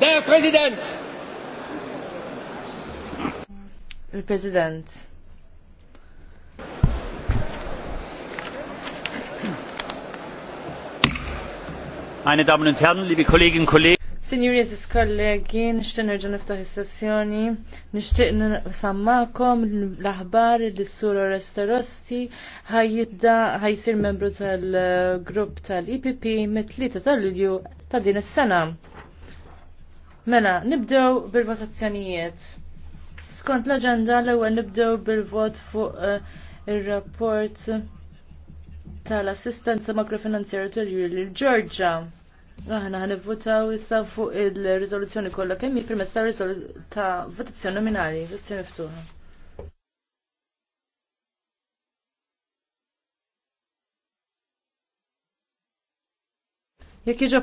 Der President! Il-President. Meine Damen und Herren, liebe Kolleginnen und Kollegen. Signori eżis kollegi, nishtiq nerġa' niftaħ is-sessjoni, nixtieq sammakom l-aħbar li s-sur Oresterosti ħajsir membru tal-grupp tal-IPP mit-tlieta tal lju ta' din is-sena. Mela, nibdew bil-votazzjonijiet. Skont l-agenda l-ewwel nibdew bil-vot fuq uh, ir-rapport tal-assistenza makrofinanzjera tal juli l-Ġorġa. Aħna votaw issa fuq il-riżoluzzjoni kollha kemm jippermess ta' ta' votazzjoni nominali, votazzjoni ftuħa. Jekk jiġu